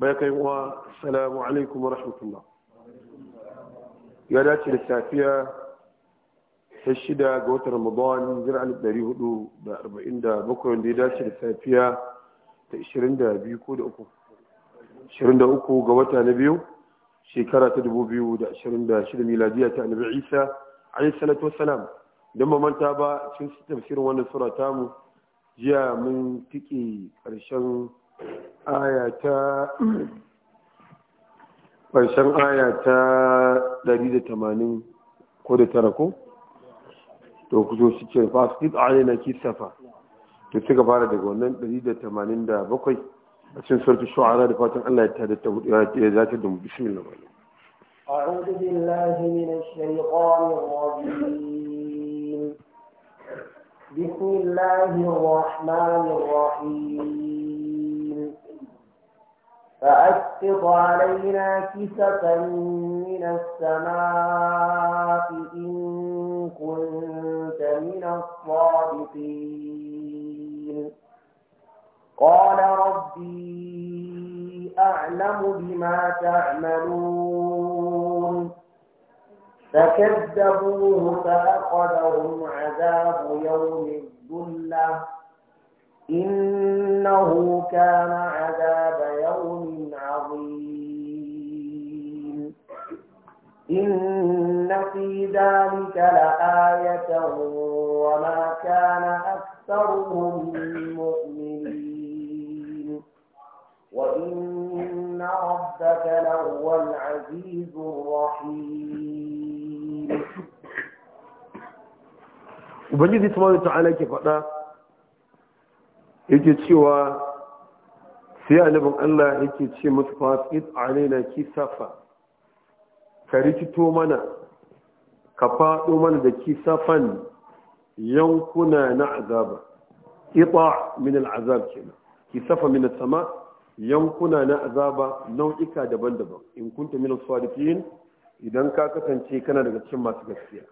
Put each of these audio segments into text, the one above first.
kai uwa salamu alaikum wa rahmatullah ya dace da safiya ta shida ga watan ramadan jira alif dari hudu da arba'in da bakwai wanda ya dace da safiya ta ishirin da biyu ko da uku ishirin da uku ga wata na biyu shekara ta dubu biyu da ashirin da shida miladiya ta annabi isa alaihi salatu wassalam don ba manta ba cikin tafsirin wannan sura tamu jiya mun tike ƙarshen aya ta ƙarshen aya ta 180 ko da tara ko to ku zo su ce fasit alina kisafa to suka fara daga wannan 187 a cikin sarki shu'ara da fatan Allah ya tada ta hudu ya zata da mu bismillah أعوذ بالله من الشيطان الرجيم بسم الله الرحمن الرحيم فأسقط علينا كسفا من السماء إن كنت من الصادقين قال ربي أعلم بما تعملون فكذبوه فأخذهم عذاب يوم الذلة إنه كان عذاب يوم عظيم إن في ذلك لآية وما كان أكثرهم مؤمنين وإن ربك لهو العزيز الرحيم Ubangiji subhanahu عليك ta'ala yake cewa sai annabin Allah yake ce musu fasid alaina kisafa ka rikito mana ka faɗo mana da kisafan yankuna na azaba ita min al'azab kenan kisafa min sama yankuna na azaba nau'ika daban-daban in kunta min sadiqin idan ka kasance kana daga cikin masu gaskiya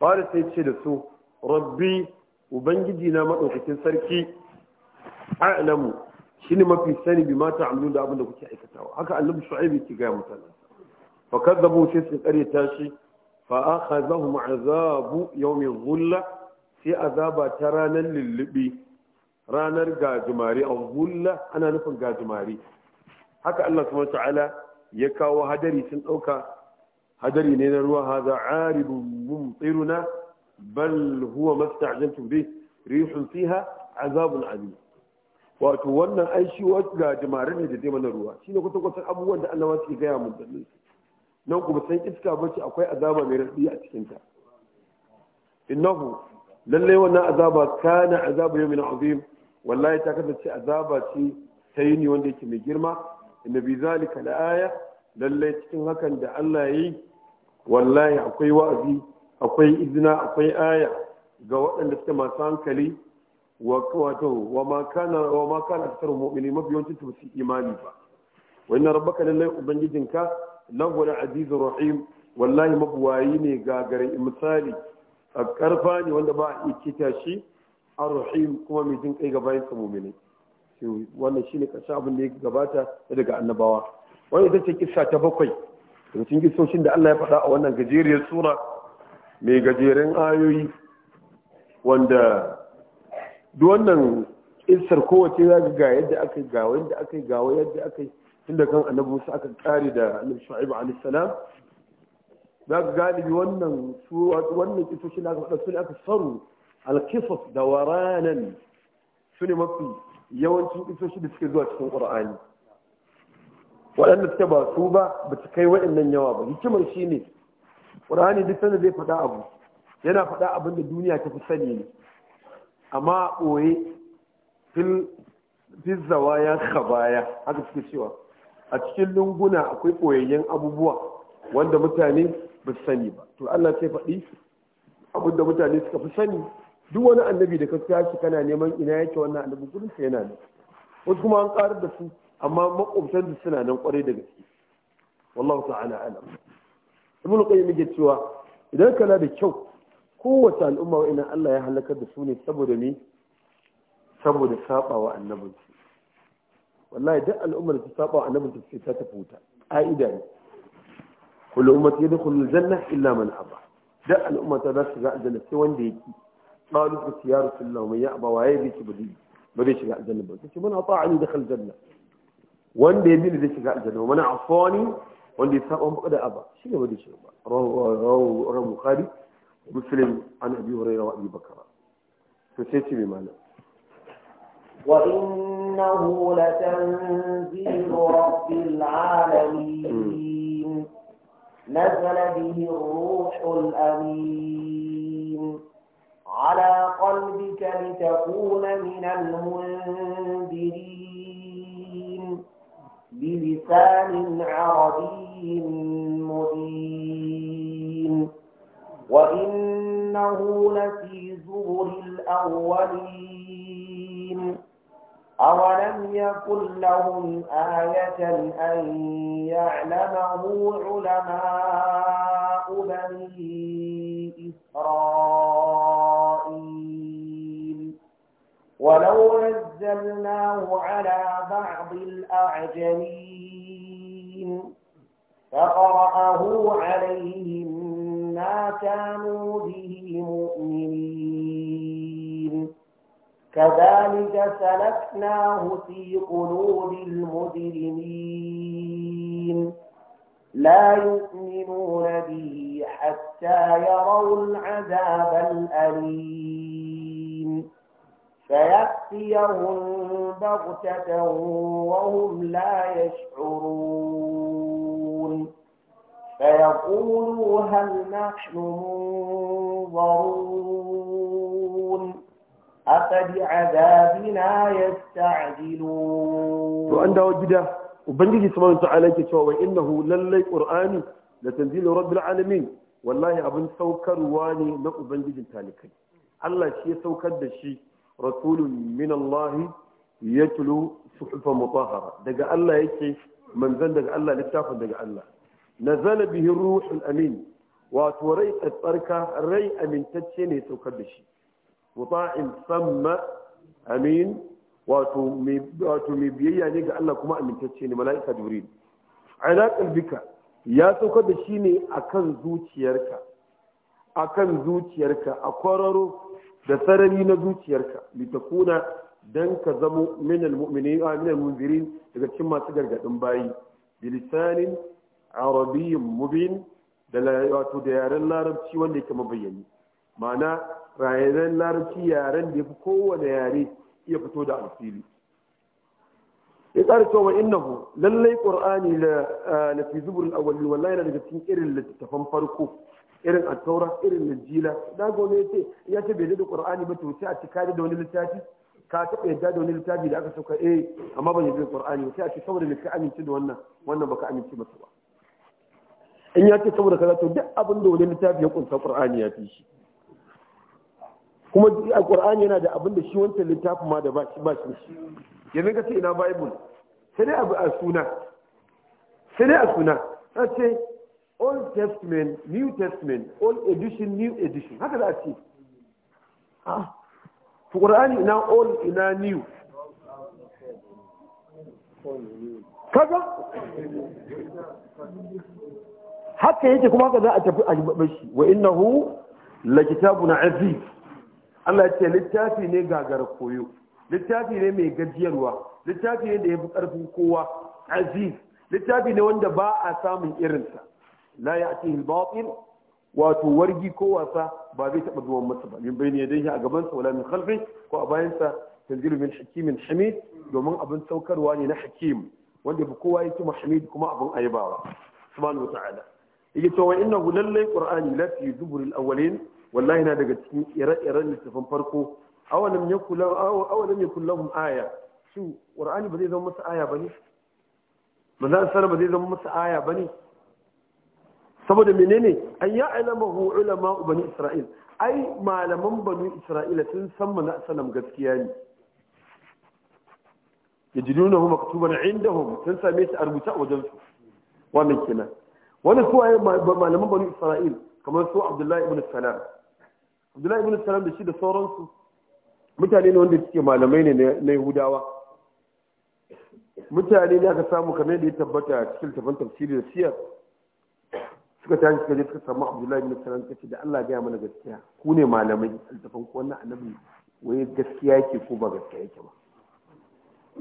fara sai ce da su rabbi ubangiji na madaukakin sarki a'lamu shine mafi sani bi mata amlu da abin da kuke aikatawa haka annabi shu'aib yake ga mutanen fa kadzabu sai su kare tashi fa akhazahum azabu yawmi ghulla sai azaba ta ranar lullubi ranar gajimare a ghulla ana nufin gajimare haka Allah subhanahu ta'ala ya kawo hadari sun dauka hadari ne na ruwa hadha aridun mumtiruna bal huwa mastajantum bih rihun fiha azabun azim wato wannan ai shi ga jimare ne da zai mana ruwa shi ne kwata abubuwan da Allah suke gaya mun su, nan kuma san iska bace akwai azaba mai raɗi a cikinta innahu lallai wannan azaba kana azaba yau min azim wallahi ta kasance azaba ce ta yi ni wanda yake mai girma inda bi zalika da aya lallai cikin hakan da Allah ya yi? wallahi akwai wa'azi akwai izina akwai aya ga waɗanda suke masu hankali wato wa ma kana wa ma kana aktsarul mu'minin mafi su su imani ba wa inna rabbaka lillahi ubangijinka lahu al-azizur rahim wallahi mabuwayi ne gagarin misali a karfa ne wanda ba a ikita shi ar-rahim kuma mai jin kai ga bayan sa mu'mini wannan shine karshen abin da ya gabata daga annabawa wannan ita ce kissa ta bakwai daga cikin kissoshin da Allah ya faɗa a wannan gajeriyar sura mai gajeren ayoyi wanda duk wannan isar kowace za ga yadda aka gawa yadda aka yi gawa yadda aka yi tunda kan annabu su aka kare da annabi Shu'aib alayhi za ga galibi wannan su wannan kisoshi da aka al su ne mafi yawancin kisoshi da suke zuwa cikin Qur'ani waɗanda suke ba su ba ba su kai waɗannan yawa ba hikimar shi ne ƙur'ani duk sanda zai faɗa abu yana faɗa abin da duniya ta fi sani ne amma ɓoye ya zawaya baya haka suke cewa a cikin lunguna akwai ɓoyayyen abubuwa wanda mutane ba su sani ba to Allah sai faɗi abin da mutane suka fi sani duk wani annabi da ka tashi kana neman ina yake wannan annabi gurin sa yana nan wasu kuma an karar da su amma makwabtan su suna nan kwarai da gaske wallahu ta'ala alam ibnu qayyim yake cewa idan kana da kyau kowace al'umma wa'ina Allah ya halakar da su ne saboda ne saboda saɓawa annabinsu wallahi duk al'ummar da ta sabawa annabinsu sai ta tafi wuta ƙa'ida ne kullu ummati yadkhulul janna illa man aba duk al'umma ta za su shiga aljanna sai wanda ya ki qalu fa ya rasulullah man ya'ba wa ya bi bidi ba zai shiga aljanna ba kace man ata'ani dakhal janna wanda ya bi zai shiga aljanna man afani wanda ya saba maka da aba shi ne ba zai shiga ba rawu rawu bukhari مسلم عن أبي هريرة وأبي بكر فسيتي بمعنى وإنه لتنزيل رب العالمين نزل به الروح الأمين على قلبك لتكون من المنذرين بلسان عربي مبين وإنه لفي زبر الأولين أولم يكن لهم آية أن يعلمه علماء بني إسرائيل ولو نزلناه على بعض الأعجمين فقرأه عليه كانوا به مؤمنين كذلك سلكناه في قلوب المجرمين لا يؤمنون به حتى يروا العذاب الأليم فيأتيهم بغتة وهم لا يشعرون فيقولوا هل نحن منظرون أفبعذابنا يستعجلون وأن دعوة جدا وبنجي سبحانه وتعالى كتوى وإنه للي قرآن لتنزيل رب العالمين والله أبن سوكر واني نقبنجي تالكي الله شيء سوكر دشي رسول من الله يتلو صحفا مطهرة دقى الله يكي منزل دقى الله لتافا دقى الله nazala bihi ruhul amin wato rai tsarka rai amintacce ne saukar da shi muta'in samma amin wato mai biyayya ne ga Allah kuma amintacce ne mala'ika jibril ala qalbika ya saukar da shi ne akan zuciyarka akan zuciyarka a kwararo da sarari na zuciyarka litakuna dan ka zamo minal mu'minin minal munzirin daga cikin masu gargadin bayi bilisanin arabiyyin mubin da wato da yaren larabci wanda yake mabayyani ma'ana rayanan larabci yaren da yafi kowane yare iya fito da alfili ya tsari cewa innahu lallai qur'ani la na fi zubur al-awwal wallahi na daga cikin irin littattafan farko irin at-taura irin najila da gome yace ya ce bai da qur'ani ba to sai a cika da wani littafi ka taɓa yadda da wani littafi da aka sauka eh amma ban yi qur'ani sai a ce saboda me ka amince da wannan wannan baka amince masa ba in ya ce saboda kaza to duk abin da wani littafi ya kunsa qur'ani ya fi shi kuma Al-Qur'ani yana da abin da shi wancan littafin ma da ba shi ba shi yanzu ka ce ina bible sai dai abu a suna sai dai a suna ta ce old testament new testament old edition new edition haka za a ce ah qur'ani ina old ina new kaga haka yake kuma haka za a tafi a bashi wa innahu na kitabun aziz Allah ce littafi ne gagara koyo littafi ne mai gajiyarwa littafi ne da ya fi karfin kowa aziz littafi ne wanda ba a samun irinsa la ya'tihi al-batil wato wargi ko wasa ba zai taɓa zuwan masa ba min bayani yadda shi a gabansa wala min khalfi ko a bayansa tanzilu min hakimin hamid domin abin saukarwa ne na hakim wanda kowa yake mahamid kuma abin ayabawa subhanahu wa ta'ala yake to wa inna hu lallai qur'ani la fi duburil awwalin wallahi na daga cikin ire-iren littafin farko awalam yakul awalam yakul lahum aya shin qur'ani ba zai zama musu aya bane manzon sallallahu ba zai zama musu aya bane saboda menene an ya alamahu ulama bani isra'il ai malaman bani isra'ila sun san manzon sallam gaskiya ne yajidunahu maktuban indahum sun same shi a rubuta wajen su wannan kenan wani suwaye malaman banu isra'il kamar su abdullahi ibn salam abdullahi ibn salam da shi da sauransu mutane ne wanda suke malamai ne na yahudawa mutane ne aka samu kamar da ya tabbata cikin tafan tafsiri da siyar suka tashi suka je suka samu abdullahi ibn salam kace da Allah gaya mana gaskiya ku ne malamai altafan ku wannan annabi wai gaskiya yake ko ba gaskiya yake ba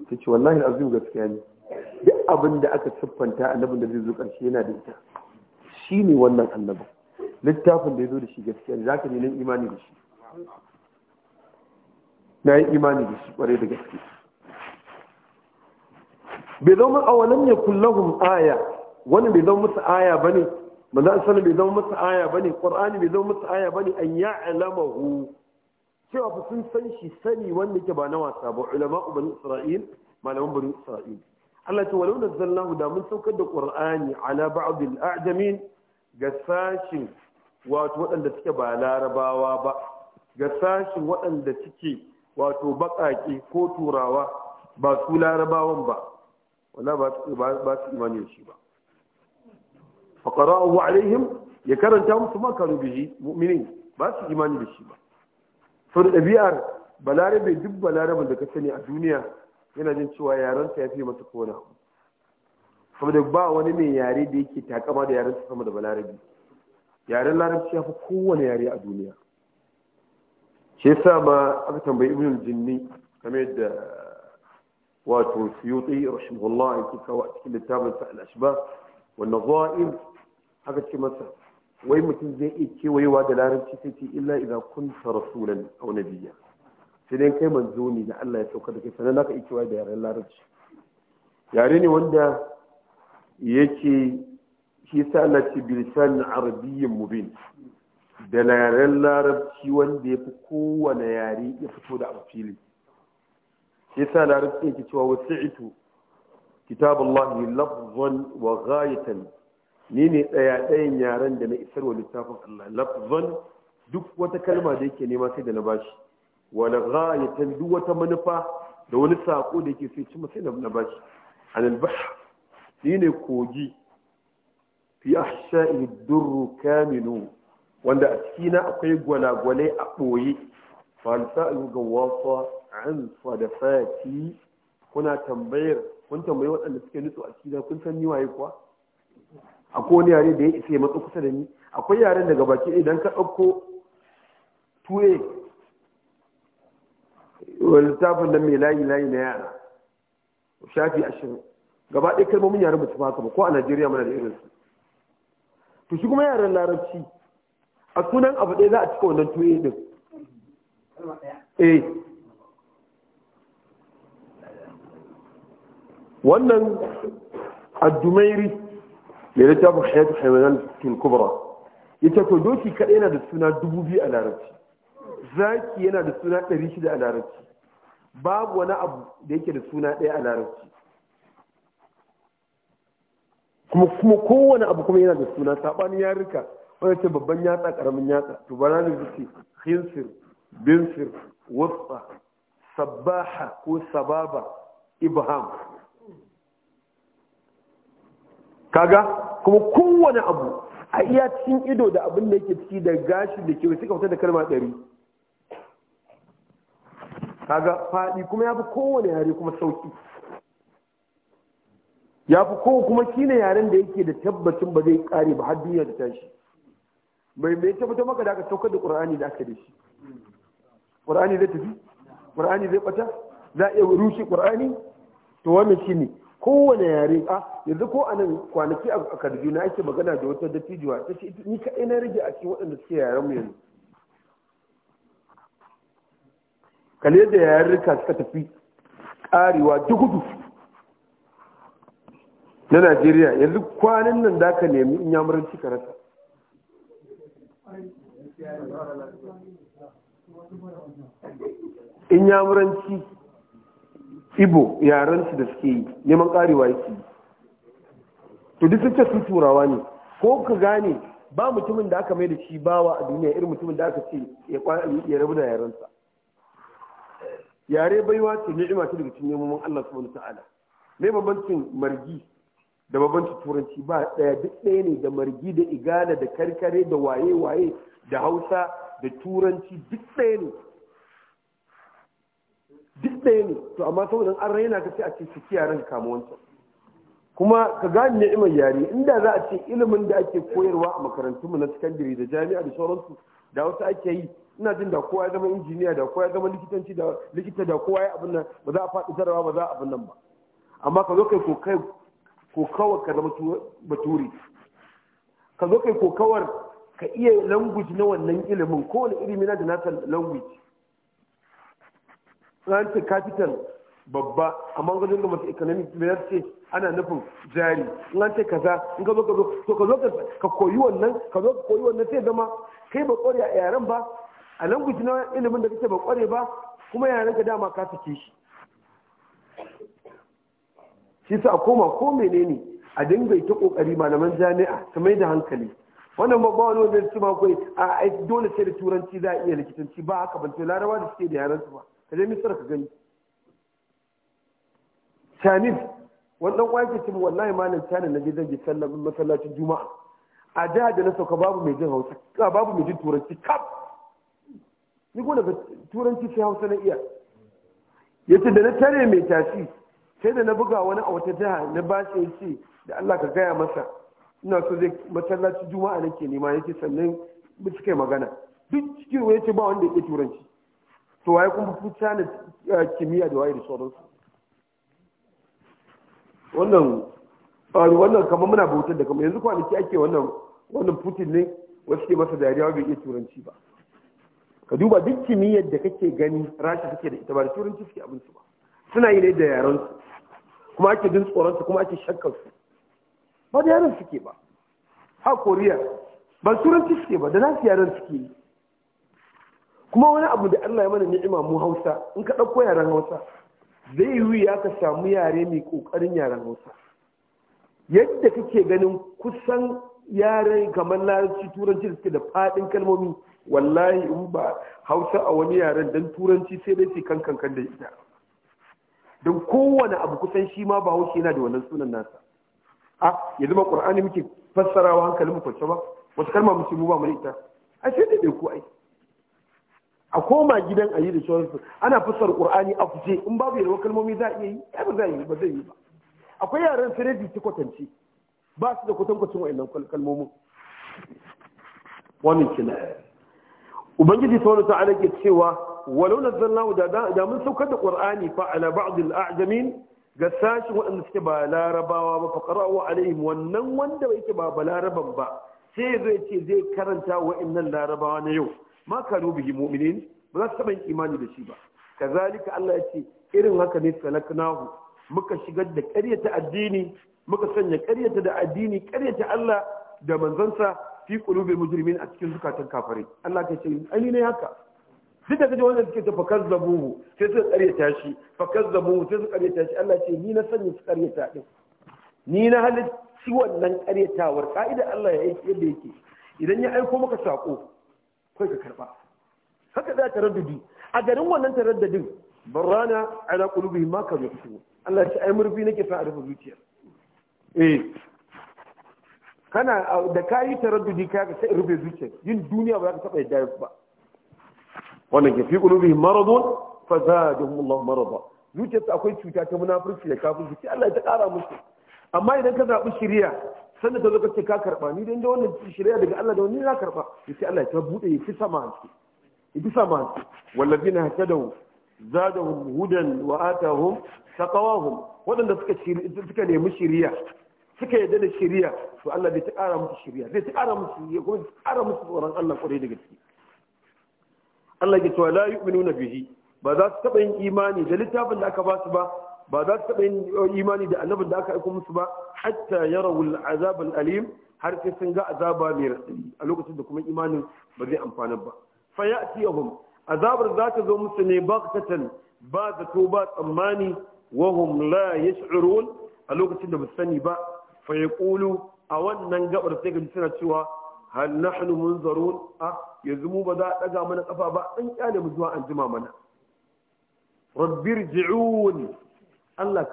kace wallahi azim gaskiya ne duk abin da aka siffanta annabin da zai zo ƙarshe yana da ita shi ne wannan annabin littafin da ya zo da shi gaskiya ne za ka nemi imani da shi na yi imani da shi ƙwarai da gaske bai zama mu awalan ya kullahun aya wani bai zama musu aya ba ne a sanar bai zama musu aya ba ne ƙwar'ani bai zama musu aya ba ne an ya alamahu cewa fa sun san shi sani wanda ke ba na wasa ba ulama bani isra'il malaman bani isra'il Allah ce walau nazzalnahu da mun saukar da Qur'ani ala ba'd al-a'jamin ga sashin wato waɗanda suke ba larabawa ba ga sashin waɗanda suke wato baƙaƙe ko turawa ba su larabawan ba wala ba su imani da shi ba fa qara'ahu alaihim ya karanta musu ma kanu bihi mu'minin ba su imani da shi ba sun ɗabi'ar balarabe duk balaraben da ka sani a duniya yana jin cewa yarensa ya fi masa kona saboda ba wani mai yare da yake takama da yarensa sama da balarabi yaren larabci ya fi kowane yare a duniya shi yasa ma aka tambayi ibnul jinni kamar yadda wato suyuti rahimahullah yake kawo a cikin littafin sa al-ashba wa nazaim aka ce masa wai mutum zai iya kewayewa da larabci sai ce illa idza kunta rasulan aw nabiyya sai dai kai manzo ne da Allah ya sauka da kai sannan naka ikiwa da yaren larabci yare ne wanda yake shi sa Allah ce bilisan arabiyyin mubin da yaren larabci wanda ya fi kowane yare ya fito da abu fili shi sa larabci yake cewa wasi'itu kitabullahi lafzan wa ghayatan ni ne ɗaya ɗayan yaren da na isarwa littafin Allah lafzan duk wata kalma da yake nema sai da na bashi Wani wala ghayatan duk wata manufa da wani saƙo da yake sai cimma sai na an anil bahr ne kogi fi ahsha'i durru kamilu wanda a ciki na akwai gwalagwale a ɓoye falsa'u ga wasa an sadafati kuna tambayar kun tambayi waɗanda suke nutsu a cikin kun san niwaye waye kuwa akwai wani yare da ya isa ya matsa kusa da ni akwai yaren daga baki idan ka ɗauko tuwe littafin nan mai layi layi na yara shafi ashirin gaba ɗaya kalmomin yaran mutum haka ba ko a najeriya muna da irinsu to shi kuma yaran larabci a sunan abu ɗaya za a cika wannan tuwe ɗin eh wannan addumairi mai littafin hayatu haimanan tulkubra ita ko doki kaɗai yana da suna dubu biyu a larabci zaki yana da suna ɗari shida a larabci babu wani abu da yake da suna ɗaya a larabci kuma kuma kowane abu kuma yana da suna saɓani ya rika wani ce babban yatsa ƙaramin yatsa to ba na nufi hinsir binsir wasa sabaha ko sababa ibham kaga kuma kowane abu a iya cikin ido da abin da yake ciki da gashi da ke suka fita da kalma ɗari kaga faɗi kuma ya fi kowane yare kuma sauki ya fi kowa kuma ne yaren da yake da tabbacin ba zai kare ba har duniya da tashi bai mai tabbata maka da aka saukar da ƙura'ani da aka da shi ƙura'ani zai tafi ƙura'ani zai bata za a iya rushe ƙura'ani to wannan ne kowane yare a yanzu ko a nan kwanaki a kaduna ake magana da wata dattijuwa ta ce ni ka na rage a cikin waɗanda suke yaren mu yanzu Kale da yarurruka suka tafi karewa dukudu na najeriya yanzu kwanan nan da ka nemi in yamuranci ka rasa in yamuranci ibo yaransu da suke yi neman karewa yake yi to duk sun su turawa ne ko ka gane ba mutumin da aka mai da shi bawa a duniya irin mutumin da aka ce ya rabu da yaransa yare baiwa ce ni'ima ce daga cikin neman Allah subhanahu ta'ala me babancin margi da babancin turanci ba daya duk ɗaya ne da margi da igala da karkare da waye waye da Hausa da turanci duk ɗaya ne duk ɗaya ne to amma saboda an raina ka ce a ce saki yaran kama wancan kuma ka gane ni'imar yare inda za a ce ilimin da ake koyarwa a makarantunmu na sakandare da jami'a da sauransu da wasu ake yi ina jin da kowa ya zama injiniya da kowa ya zama likitanci da likita da kowa ya abin nan ba za a faɗi jarawa ba za a abin nan ba amma ka zo kai ko kawar ka zama baturi ka zo kai ko kawar ka iya language na wannan ilimin kowane ilimi na da nasa language ce capital babba amma ga dinga mace economic biyar ce ana nufin jari in an ce kaza in ka zo ka zo ka zo ka koyi wannan ka zo ka koyi wannan sai zama kai ba kore a yaren ba a nan language na ilimin da kake ba kware ba kuma yaran ka dama ka sake shi shi sa a koma ko menene a dinga ta kokari malaman jami'a su mai da hankali wannan babban wani wajen su ma kai a dole sai da turanci za a iya likitanci ba haka ban larawa da suke da yaran su ba ka je misira ka gani Chanis wannan kwaki ce wallahi malam Chanis na gidan gidan masallacin Juma'a a jihar da na sauka babu mai jin Hausa babu mai jin Turanci kaf ni ko daga turanci sai hausa na iya yace da na tare mai tashi sai da na buga wani a wata jiha na ba shi ce da Allah ka gaya masa ina so zai masallaci juma'a nake nema yace sannan mu kai magana duk cikin wani yace ba wanda yake turanci to waye kuma fi na eh, kimiyya da waye da sauransu wannan wannan kamar muna bautar da kamar yanzu kwanaki ake wannan wannan putin ne wasu ke masa dariya bai iya turanci ba ka duba duk kimiyyar da kake gani rasha suke da ita ba da turanci suke abinci ba suna yi ne da yaran su kuma ake jin tsoron su kuma ake shakkar su ba da yaran suke ba ha koriya ba turanci suke ba da nasu yaran suke yi kuma wani abu da Allah ya mana ni'ima mu Hausa in ka ɗauko yaren Hausa zai yi ya ka samu yare mai ƙoƙarin yaren Hausa yadda kake ganin kusan yare kamar larabci turanci da suke da faɗin kalmomi wallahi in ba hausa a wani yaren dan turanci sai dai su kan kankan da ita don kowane abu kusan shi ma ba hausa yana da wannan sunan nasa a yanzu zama qur'ani muke fassarawa hankalin mu kwance ba wasu kalma mu mu ba mu ita a sai dai ku ai a koma gidan ayi da shawararsu ana fassara qur'ani a fice in babu yalwa kalmomi za a iya yi ai ba za a yi ba zai yi ba akwai yaren sai ta kwatance ba su da kwatankwacin wa'annan kalmomin wannan kina ubangiji subhanahu ta ke cewa walau zan da da mun saukar da qur'ani fa ala ba'd ajamin ga sashin waɗanda suke ba larabawa ba fa qara'u alaihim wannan wanda yake ba larabar ba sai zai ce zai karanta wa'annan larabawa na yau ma kanu bihi mu'minin ba za su taɓa yin imani da shi ba kazalika Allah ya ce irin haka ne salaknahu muka shigar da ƙaryata addini muka sanya ƙaryata da addini ƙaryata Allah da manzansa fi qulubil mujrimin a cikin zukatan kafare Allah ta ce ai ne haka duk da kaje wanda suke ta fakazzabuhu sai su karyata shi fakazzabuhu sai su karyata shi Allah ce ni na sanya su karyata din ni na halitti wannan tawar, ka'ida Allah ya aiki yadda yake idan ya aiko maka sako kai ka karba haka za ta raddudi a garin wannan taraddadin barrana ala qulubihim ma kanu Allah ya ce ai murfi nake sa a rufe zuciya eh kana da kayi taraddudi ka ga sai rufe zuciya yin duniya ba za ka taɓa yadda ba wannan ke fi qulubihim maradun fazadahum Allah marada zuciya ta akwai cuta ta munafurci da kafirci sai Allah ya ta kara musu amma idan ka zabi shari'a sannan ta zo ka ce ka karba ni dan da wannan shirya daga Allah da wani na karba sai Allah ya ta bude ya fi sama hanci ya fi sama hanci wallazina hatadaw zadahum hudan wa atahum taqawahum wadanda suka suka nemi shari'a suka yarda da shari'a to Allah bai ta ƙara musu shari'a zai ta ƙara musu ya kuma ta ƙara musu tsoron Allah kwarai da gaske Allah ya ce la yu'minuna bihi ba za su taɓa yin imani da littafin da aka ba su ba ba za su taɓa yin uh, imani da annabin da aka aiko musu ba hatta yarawul azab alim har sai sun ga azaba mai raɗaɗi a lokacin da kuma imanin ba zai amfana ba fa ya'tiyahum azabar za ta zo musu ne baktatan ba zato ba tsammani wahum la yash'urun a lokacin da ba sani ba fa yaqulu a wannan gabar sai ga suna cewa hal nahnu munzarun a yanzu mu ba za a daga mana kafa ba an kyale mu zuwa an jima mana rabbirji'un Allah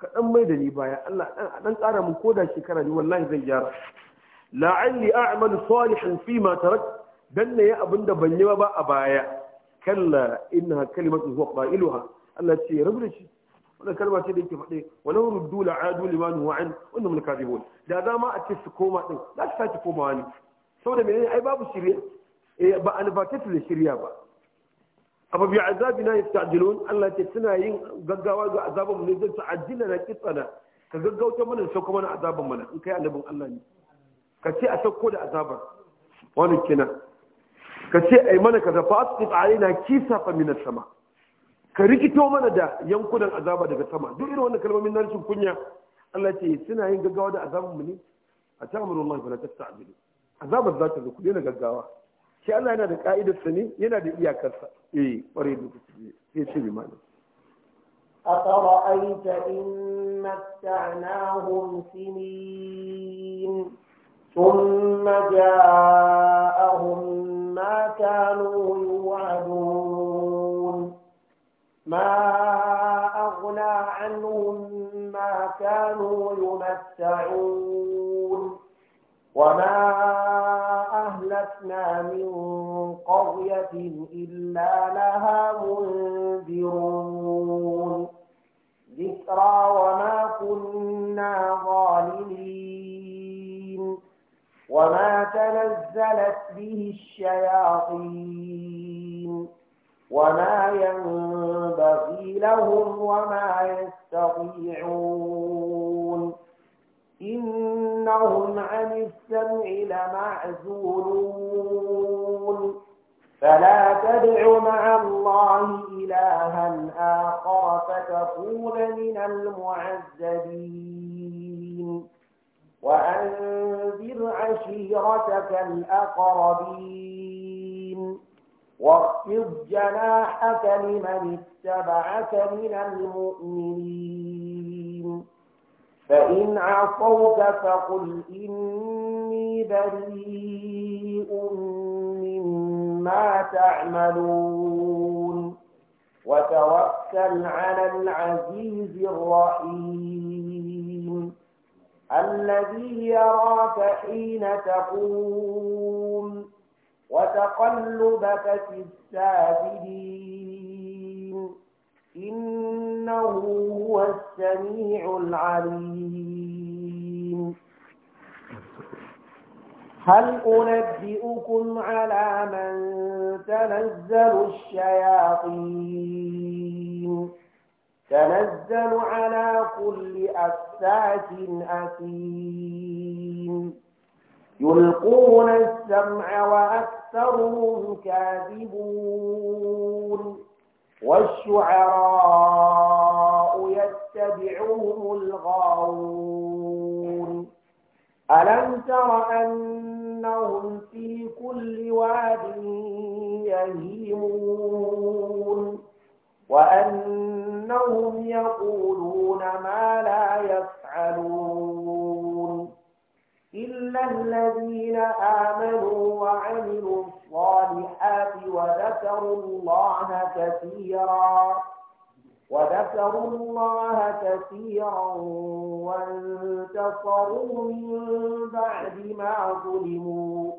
ka dan mai da ni baya Allah dan dan kara mun koda shekara ni, wallahi zan gyara la'alli a'malu salihan ma tarak dan ne abinda ban yi ba a baya kalla innaha kalimatu huwa qailuha Allah ce rabu da shi wannan kalma ce da yake faɗe walau ruddu la'adu liman huwa an wannan mun kadibun da dama a ce su koma din za su sake komawa ne saboda menene ai babu shirya eh ba an ba ta da shirya ba amma bi azabina yasta'jilun Allah ce suna yin gaggawa ga azabun mu ne zai ta'ajjila na kitsana ka gaggauta mana da sauko mana azaban mana in kai annabin Allah ne ka ce a sauko da azabar wani kina. ka ce ai mana ka zafa na kisa fa minas sama ka rikito mana da yankunan azaba daga sama duk irin wannan kalmomin nan rashin kunya Allah ce suna yin gaggawa da azabun mu ne a ta'amuru Allah fala tasta'jilu azabar za ta zo ku na gaggawa shi Allah yana da ka'idarsa ne yana da iyakarsa eh kware da kuke sai ce bi malam أفرأيت إن متعناهم سنين ثم جاءهم ما كانوا يوعدون ما أغنى عنهم ما كانوا يمتعون وما أهلكنا من قرية إلا لها منذرون ذكرى وما كنا ظالمين وما تنزلت به الشياطين وما ينبغي لهم وما يستطيعون إنهم عن السمع لمعزولون فلا تدع مع الله إلها آخر فتكون من المعذبين وأنذر عشيرتك الأقربين واخفض جناحك لمن اتبعك من المؤمنين فإن عصوك فقل إني بريء مما تعملون وتوكل على العزيز الرحيم الذي يراك حين تقوم وتقلبك في الساجدين إنه هو السميع العليم هل أنبئكم على من تنزل الشياطين تنزل على كل أفساك أثيم يلقون السمع وأكثرهم كاذبون والشعراء يتبعهم الغاوون ألم تر أنهم في كل واد يهيمون وأنهم يقولون ما لا يفعلون إلا الذين آمنوا وعملوا الصالحات وذكروا الله كثيرا وذكروا الله كثيرا وانتصروا من بعد ما ظلموا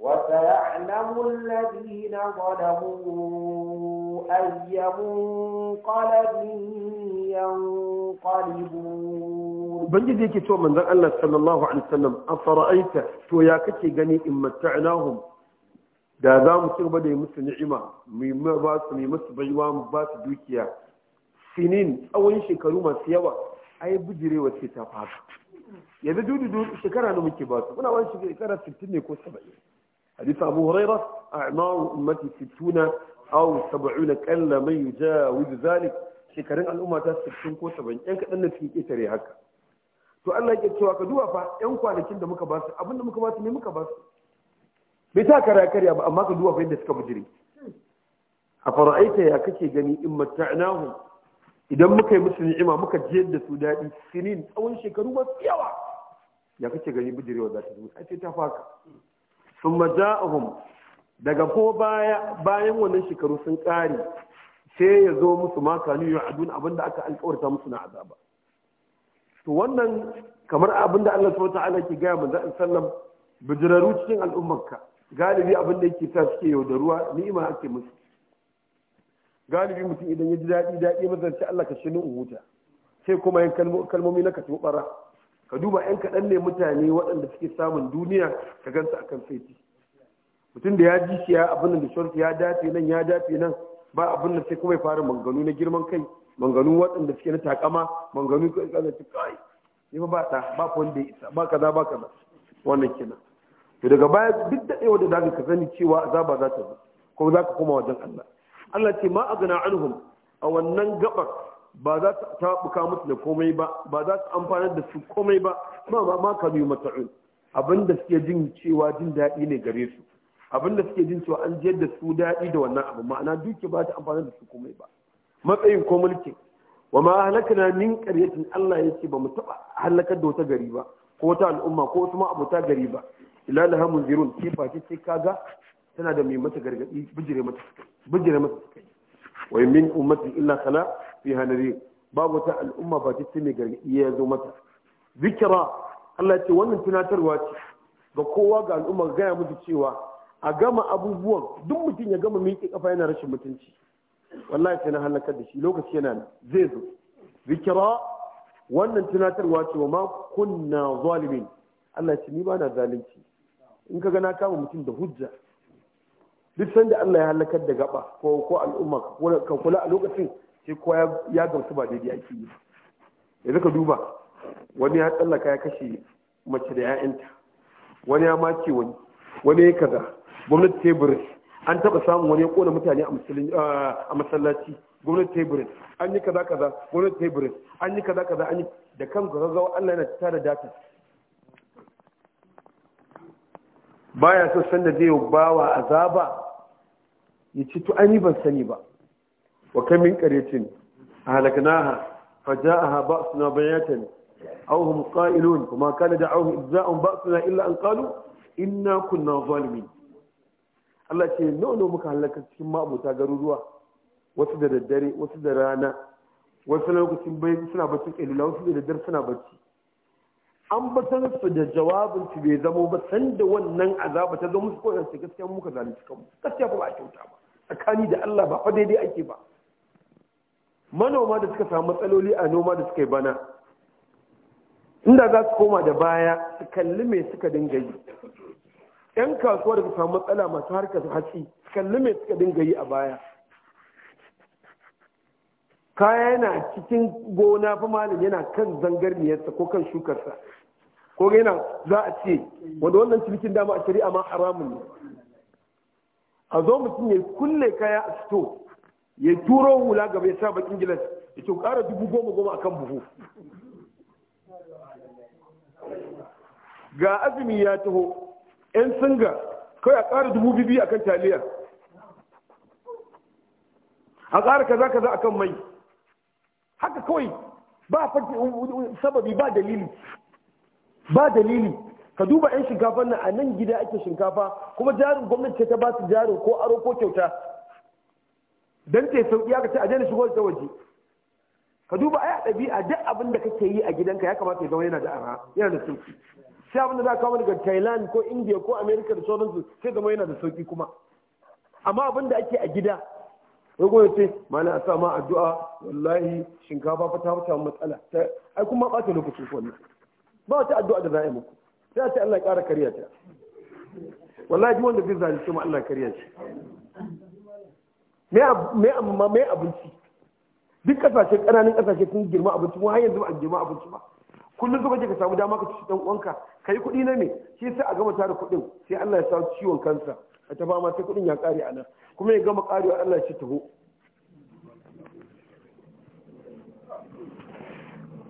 وسيعلم الذين ظلموا أي منقلب ينقلبون بنجد يكي تو من ذا الله صلى الله عليه وسلم أفرأيت تو يا كتي غني إن متعناهم da za mu ci gaba da yi musu ni'ima mu ba su mu musu baiwa mu ba su dukiya sinin tsawon shekaru yawa ai bujirewa ce ta faru yanzu dudu shekara ne muke ba su muna wani shekara 60 ne ko 70 hadisi abu huraira a imamu ummati 60 aw sab'una qalla man yujawiz zalik shekarun al'umma ta 60 ko 70 yan kadan ne suke ketare haka to Allah yake cewa ka duba fa yan kwanakin da muka ba su abin da muka ba su ne muka ba su bai ta kara karya ba amma ka duba fa yadda suka bujire a fara'aita ya kake gani in matta'nahu idan muka yi musu ni'ima muka jiyar da su daɗi sinin tsawon shekaru masu yawa ya kake gani bujirewa za ta zo sai ta faka sun maja'ahum daga ko bayan wannan shekaru sun ƙare sai ya zo musu maka kanu ya adun abinda aka alƙawarta musu na azaba to wannan kamar abinda Allah subhanahu ta'ala ke gaya manzo sallam bijiraru cikin al'ummarka galibi abinda yake sa suke yaudaruwa ni'ima ake musu galibi mutum idan ya ji daɗi daɗi masa ce Allah ka shinu huta sai kuma yin kalmomi na ka bara ka duba yan kaɗan ne mutane waɗanda suke samun duniya ka gansu akan saiti mutum da ya ji shi ya abin da shorti ya dace nan ya dace nan ba abin da sai kuma ya fara manganu na girman kai manganu waɗanda suke na takama manganu kai kaza ci kai ni ba ta ba wanda ya isa ba kaza ba kaza wannan kenan to daga baya duk da ɗaya da zaka ka sani cewa azaba za ta zo ko za ka koma wajen Allah Allah ce ma agna anhum a wannan gabar ba za ta tabuka musu da komai ba ba za ta amfanar da su komai ba ma ma ka biyu mata'un abinda suke jin cewa jin daɗi ne gare su abin da suke jin cewa an jiyar da su daɗi da wannan abu ma'ana duki ba ta amfani da su komai ba matsayin ko mulki. wa ma halakana min qaryatin Allah yake ba mu taba halakar da wata gari ba ko wata al'umma ko wata ma ta gari ba ila laha munzirun ce ba ce kaga tana da mai mata gargadi bijire mata bijire mata wa min ummati illa khala fiha nadir babu wata al'umma ba ce mai gargadi ya zo mata zikra Allah ce wannan tunatarwa ce ga kowa ga al'umma ga ya musu cewa a gama abubuwan duk mutum ya gama miƙe kafa yana rashin mutunci wallahi sai na halakar da shi lokaci yana zai zo zikira wannan tunatarwa ce wa ma kunna zalimin Allah ce ni ba na zalunci in ka na kama mutum da hujja duk sanda Allah ya halakar da gaba ko ko al'umma ka kula a lokacin sai kowa ya gamsu ba daidai ake yi yanzu ka duba wani ya tsallaka ya kashe mace da 'ya'yanta wani ya mace wani wani ya kaza gwamnati teburin an taɓa samun wani ya kona mutane a masallaci gwamnati teburin an yi kaza kaza gwamnati teburin an yi kaza kaza an yi da kan gaggawa Allah yana da data baya so sanda zai bawa azaba ya ci to yi ban sani ba wa kam min faja a haɓa suna bayatan aw hum qa'ilun kuma kana da'awhum ba suna illa an ƙalu inna kunna zalimin Allah ce nawa nawa muka halaka cikin ma'abuta garuruwa wasu da daddare wasu da rana wasu lokacin bai suna bacci kailula wasu da daddare suna bacci an batar su da jawabin su bai zamo ba san da wannan azaba ta zama musu ko yanzu gaskiya muka zalunci kanmu gaskiya ba a kyauta ba tsakani da Allah ba fa daidai ake ba manoma da suka samu matsaloli a noma da suka yi bana inda za su koma da baya su kalli mai suka dinga yi 'yan kasuwar da samu matsala masu harkar hatsi kalli mai suka dinga yi a baya kaya yana cikin gona fa malam yana kan zangarniyarsa ko kan shukarsa ko yana za a ce wanda wannan cinikin dama a shari'a ma haramun ne a zo mutum ya kulle kaya a sito ya turo hula gaba ya sa bakin gilas ya ce ƙara dubu goma goma a kan buhu ga azumi ya taho 'yan singa kawai a ƙara dubu bibi a kan taliya a ƙara kaza kaza a kan mai haka kawai ba sababi ba dalili ba dalili ka duba 'yan shinkafan nan a nan gida ake shinkafa kuma jarin gwamnati ce ta ba su jarin ko aro ko kyauta don ce sauƙi aka ce a jani shigo ta waje ka duba ai a ɗabi'a duk abin da kake yi a gidanka ya kamata ya zama yana da ara yana da sauƙi sai abin da za kawo daga thailand ko india ko america da sauransu sai zama yana da sauki kuma amma abin da ake a gida ya gwamnati ce ma a sa ma addu'a wallahi shinkafa fa ta samu matsala ai kuma ba ta lokacin ku wannan ba wata addu'a da za a yi muku sai a ce Allah ya ƙara kariya ta wallahi duk wanda zai ce ma Allah kariya shi me amma me abinci duk kasashe ƙananan kasashe sun girma abinci mu har yanzu ba a girma abinci ba kullum zuba ka samu dama ka ci dan uwanka kai kuɗi na me shi sai a gama tara kuɗin sai Allah ya sa ciwon kansa a ta fama sai kuɗin ya ƙare a nan kuma ya gama ƙarewa Allah ya ci taho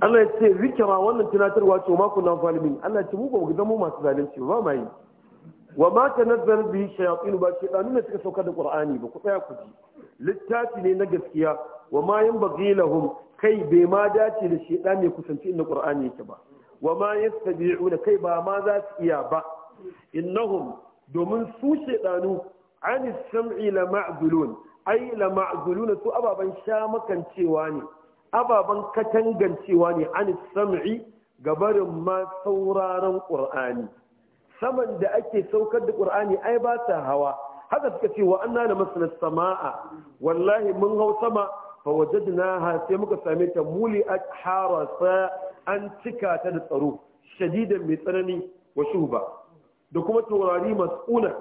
Allah ya ce zikira wannan tunatarwa ce ma na falimin. Allah ya ce mu ba mu zama masu zalunci ba ma yi wa ma nazar bi shayatin ba ce dan ne suka sauka da Qur'ani ba ku tsaya ku ji littafi ne na gaskiya wa ma yin bagilahum kai bai ma dace da shedan mai kusanci inda qur'ani yake ba wa ma yastabi'una kai ba ma za su iya ba innahum domin su shedanu an sam'i la ma'zulun ai la ma'zulun su ababan shamakancewa ne ababan katangancewa ne an sam'i gabarin ma sauraron qur'ani saman da ake saukar da qur'ani ai ba ta hawa haka suka ce wa anna na masana sama'a wallahi mun hau sama fawajadnaha sai muka same ta muli harasa an cika ta da tsaro shadidan mai tsanani wa shuba da kuma taurari masu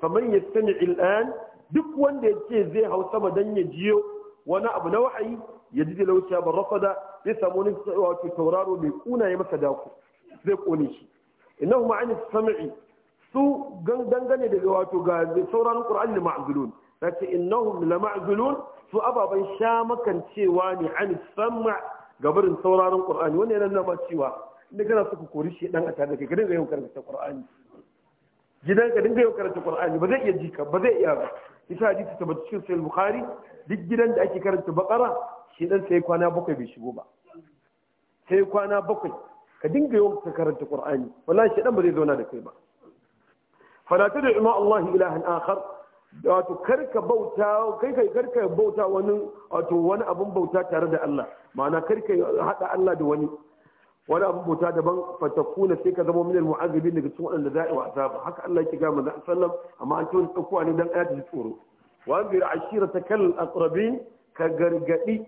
kamar ya yastami il'an, duk wanda ya ce zai hau sama dan ya jiyo wani abu na wahayi ya ji talauciya ba rafada zai samu wani wato tauraro mai kuna ya masa daku zai kone shi innahu ma'ani sam'i su dangane daga wato ga sauraron qur'ani ma'zulun lakin innahum la ma'zulun su ababen sha makancewa ne an samma gabarin sauraron qur'ani wannan yana nuna cewa inda kana suka kori shi dan a tare da kai ka dinga yawan karanta qur'ani gidan ka dinga yawan karanta qur'ani ba zai iya jika ba zai iya ba ita hadisi ta cikin sahih bukhari duk gidan da ake karanta baqara shi dan sai kwana bakwai bai shigo ba sai kwana bakwai ka dinga yi ka karanta qur'ani wallahi shi dan ba zai zauna da kai ba la tad'u ma Allah ilahan akhar wato karka bauta kai kai karka bauta wani wato wani abun bauta tare da Allah ma'ana karka hada Allah da wani wani abun bauta daban fatakuna sai ka zama minal mu'azzabin daga cikin wadanda za'i wa azaba haka Allah yake ga manzo sallam amma an tun tsakuwa ne dan ayatu tsoro wa anzir ashiratakal aqrabin ka gargadi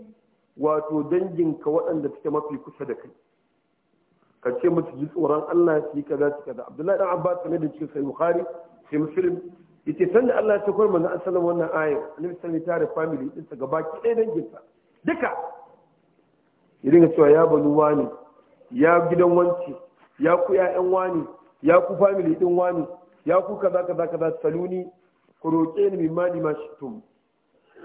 wato dangin ka wadanda suke mafi kusa da kai ka ce musu ji tsoron Allah su yi kaza su kaza Abdullahi dan Abbas ne da cikin sai Bukhari sai Muslim san da Allah ya saukar manzo sallallahu wannan ayar annabi sallallahu alaihi tare family din sa gabaki ɗaya dangin sa duka idan ka cewa ya banu wani ya gidan wanci ya ku ƴaƴan wani ya ku family din wani ya ku kaza kaza kaza saluni ku roƙe ni min mali ma shitum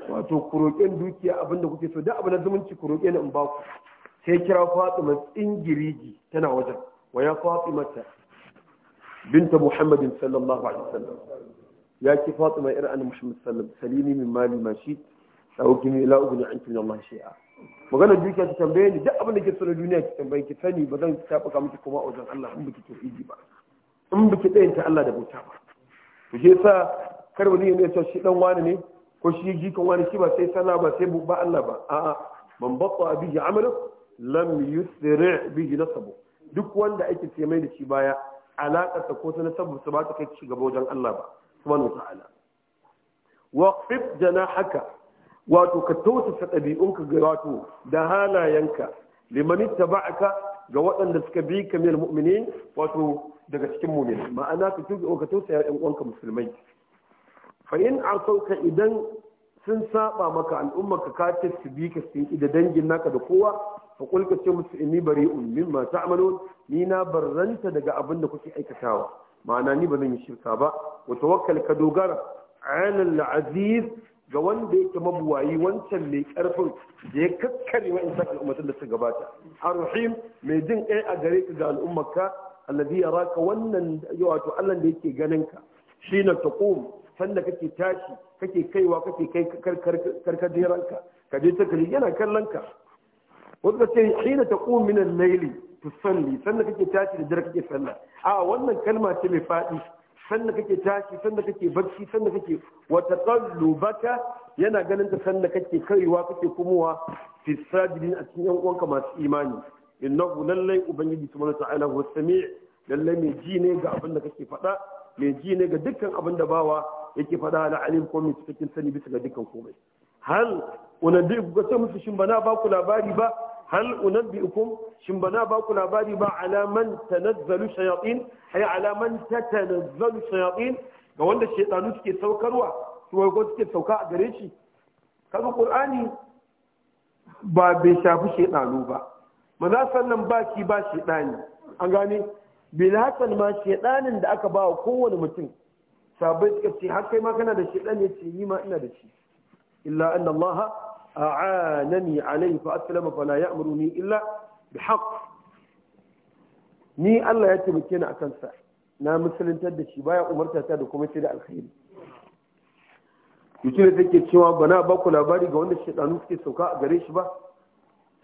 wato ku roƙe ni dukiya abinda kuke so da abu na zumunci ku roƙe ni in ba ku sai kira Fatima tsingiriji tana wajen wa ya Fatima ta binta Muhammadin sallallahu alaihi wasallam ya ki fatima ir annabi muhammad sallallahu salimi min mali ma shi dauki ni ila ugni anki min allah shay'a magana dukiya ta tambaye ni duk abin da ke so duniya ki tambaye ki sani ba zan tabuka miki kuma a wajen allah in biki tauhidi ba in biki tsayin ta allah da bauta ba to shi yasa kar wani ne ya shi dan wani ne ko shi jikan wani shi ba sai sallah ba sai ba allah ba a'a man batta bihi amalu lam yusri bihi nasabu duk wanda ake ce mai da shi baya ta ko ta nasabu su ba ta kai ci gaba wajen allah ba subhanahu ta'ala waqfib haka wato ka tausasa ɗabi'unka ga wato da halayenka liman ittaba'aka ga waɗanda suka bi ka minal wato daga cikin mu'min ma'ana ka tuka ka tausaya ɗan uwanka musulmai fa in idan sun saba maka al'ummarka ka ta su bi ka su da dangin naka da kowa fa kulka ce musu inni bari'un mimma ta'malun ni na barranta daga abin da kuke aikatawa ma'ana ni ba zan yi shirka ba wa tawakkal ka dogara alal aziz ga wanda yake mabuwayi wancan mai karfin da ya kakkare wa insa al'ummatan da suka gabata arhim mai jin kai a gare ka ga al'ummarka alladhi yaraka wannan wato Allah da yake ganin ka shine taqum sanda kake tashi kake kaiwa kake kai karkaderanka ka je ta kare yana kallon ka wanda ce shine taqum min al-layli tusalli sannan kake tashi da dare kake sallah a wannan kalma ce mai faɗi sannan kake tashi sannan kake barci sannan kake wata qallubaka yana ganin ta sannan kake kaiwa kake kumowa fi sajidin a cikin yan uwanka masu imani innahu lallai ubangiji subhanahu wa ta'ala huwa lallai mai ji ne ga abin da kake faɗa mai ji ne ga dukkan abin da bawa yake faɗa na alim ko mai cikakken sani bisa ga dukkan komai hal wani duk ga musu shin ba na ba ku labari ba hal unabbi'ukum shin bana ba ku labari ba alaman tanazzalu shayatin hay alaman tatanazzalu shayatin ga wanda shaytanu suke saukarwa su suke sauka a gare shi kaga ƙur'ani ba bai shafi shaytanu ba maza sannan ba shi ba shaydani an gane bilhassan ma shaydanin da aka bawa wa kowane mutum sabai har kai ma kana da shaydan ne ce yi ma ina da shi illa anna allaha a'anani alayhi fa aslama fala ya'muruni illa bihaqq ni Allah ya taimake ni akan sa na musuluntar da shi baya umarta ta da kuma ce da alkhairi yace da take cewa bana ba ku labari ga wanda shedanu suke sauka a gare shi ba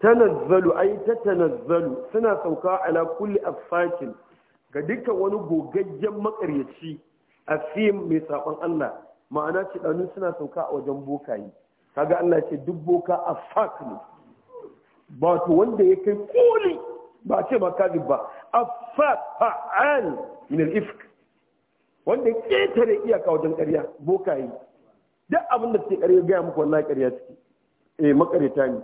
tanazzalu ay tatanazzalu suna sauka ala kulli afakin ga dukkan wani gogaggen makaryaci afim mai sakon Allah ma'ana shedanu suna sauka a wajen bokaye kaga Allah ce duk boka afak ne ba to wanda ya kai koli ba ce ba kaji ba afak fa'al min al-ifk wanda ya ketare iyaka wajen ƙarya boka yi duk abin da ke ƙarya gaya muku wallahi ƙarya suke eh makareta ne